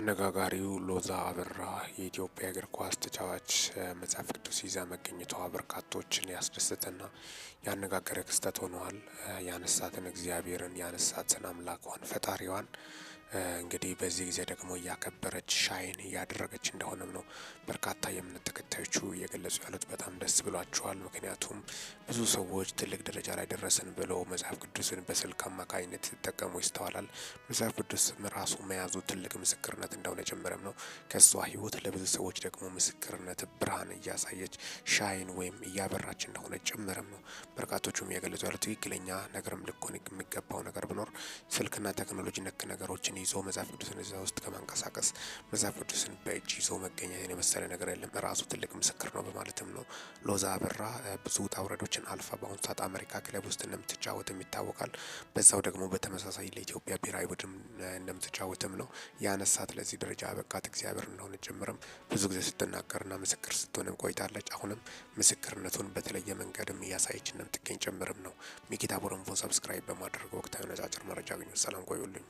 አነጋጋሪው ሎዛ አበራ የኢትዮጵያ እግር ኳስ ተጫዋች መጽሐፍ ቅዱስ ይዛ መገኘቷ በርካቶችን ያስደሰተና ያነጋገረ ክስተት ሆነዋል። ያነሳትን እግዚአብሔርን ያነሳትን አምላኳን ፈጣሪዋን እንግዲህ በዚህ ጊዜ ደግሞ እያከበረች ሻይን እያደረገች እንደሆነም ነው በርካታ የእምነት ተከታዮቹ እየገለጹ ያሉት። በጣም ደስ ብሏቸዋል። ምክንያቱም ብዙ ሰዎች ትልቅ ደረጃ ላይ ደረስን ብለው መጽሐፍ ቅዱስን በስልክ አማካኝነት ሲጠቀሙ ይስተዋላል። መጽሐፍ ቅዱስ ራሱ መያዙ ትልቅ ምስክርነት እንደሆነ ጀምረም ነው። ከሷ ህይወት ለብዙ ሰዎች ደግሞ ምስክርነት ብርሃን እያሳየች ሻይን ወይም እያበራች እንደሆነ ጀምረም ነው በርካቶቹም እየገለጹ ያሉት። ትክክለኛ ነገርም ልኮን የሚገባው ነገር ብኖር ስልክና ቴክኖሎጂ ነክ ነገሮችን ይዞ መጽሐፍ ቅዱስን እዛ ውስጥ ከማንቀሳቀስ መጽሐፍ ቅዱስን በእጅ ይዞ መገኘትን የመሰለ ነገር የለም። ራሱ ትልቅ ምስክር ነው በማለትም ነው ሎዛ አበራ ብዙ ውጣ ውረዶችን አልፋ በአሁኑ ሰዓት አሜሪካ ክለብ ውስጥ እንደምትጫወትም ይታወቃል። በዛው ደግሞ በተመሳሳይ ለኢትዮጵያ ብሔራዊ ቡድን እንደምትጫወትም ነው ያነሳት። ለዚህ ደረጃ በቃት እግዚአብሔር እንደሆነ ጭምርም ብዙ ጊዜ ስትናገርና ምስክር ስትሆንም ቆይታለች። አሁንም ምስክርነቱን በተለየ መንገድም እያሳየች እንደምትገኝ ጭምርም ነው። ሚኪታ ቦረንፎ ሰብስክራይብ በማድረግ ወቅታዊ ነጫጭር መረጃ አግኙ። ሰላም ቆዩልኝ።